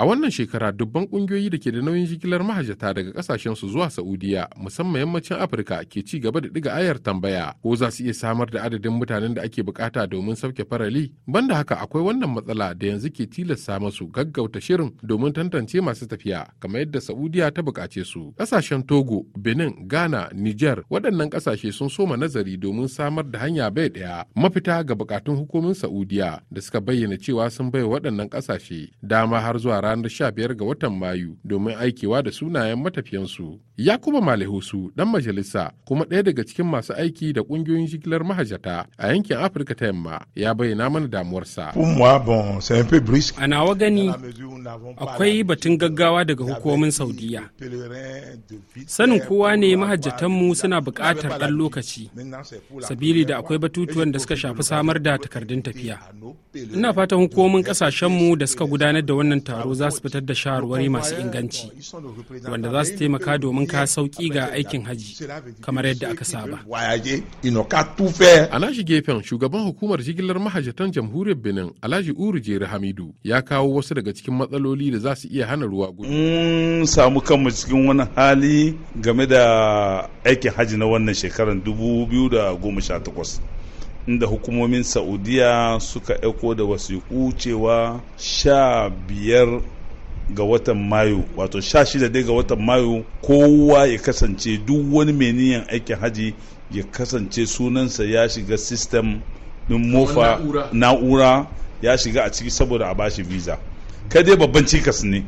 A wannan shekara dubban kungiyoyi da ke da nauyin jigilar mahajata daga kasashen su zuwa Saudiya musamman yammacin Afirka ke ci gaba da diga ayar tambaya ko za su iya samar da adadin mutanen da ake bukata domin sauke farali banda haka akwai wannan matsala da yanzu ke tilasta masu gaggauta shirin domin tantance masu tafiya kamar yadda Saudiya ta bukace su. Kasashen Togo, Benin, Ghana, Niger waɗannan kasashe sun soma nazari domin samar da hanya bai ɗaya mafita ga bukatun hukumin Saudiya da suka bayyana cewa sun bai waɗannan kasashe dama har zuwa ranar 15 ga watan Mayu domin aikewa da sunayen matafiyansu. Yakuba malihusu dan majalisa kuma ɗaya daga cikin masu aiki da ƙungiyoyin jigilar mahajata a yankin Afirka ta Yamma ya bayyana mana damuwarsa. A nawa gani akwai batun gaggawa daga hukumomin Saudiya. Sanin kowa ne mahajjatanmu suna buƙatar ɗan lokaci, sabili da akwai batutuwan da suka shafi samar da takardun tafiya. Ina fatan hukumomin ƙasashenmu da suka gudanar da wannan taro za su fitar da shawarwari masu inganci wanda za su taimaka domin ka sauki ga aikin haji kamar yadda aka saba. A nashi gefen shugaban hukumar jigilar mahajjatan jamhuriyar Benin Alhaji Uru Jere Hamidu ya kawo wasu daga cikin matsaloli da za su iya hana ruwa gudu. samu kanmu cikin wani hali game da aikin haji na wannan shekarar 2018. inda hukumomin saudiya suka ɗauko da wasiƙu cewa sha biyar ga watan mayu wato sha shida dai ga watan mayu kowa ya kasance duk wani mai niyan aikin haji ya kasance sunansa ya shiga sistem ɗin mofa na'ura ya shiga a ciki saboda a bashi visa kai dai babban cikas ne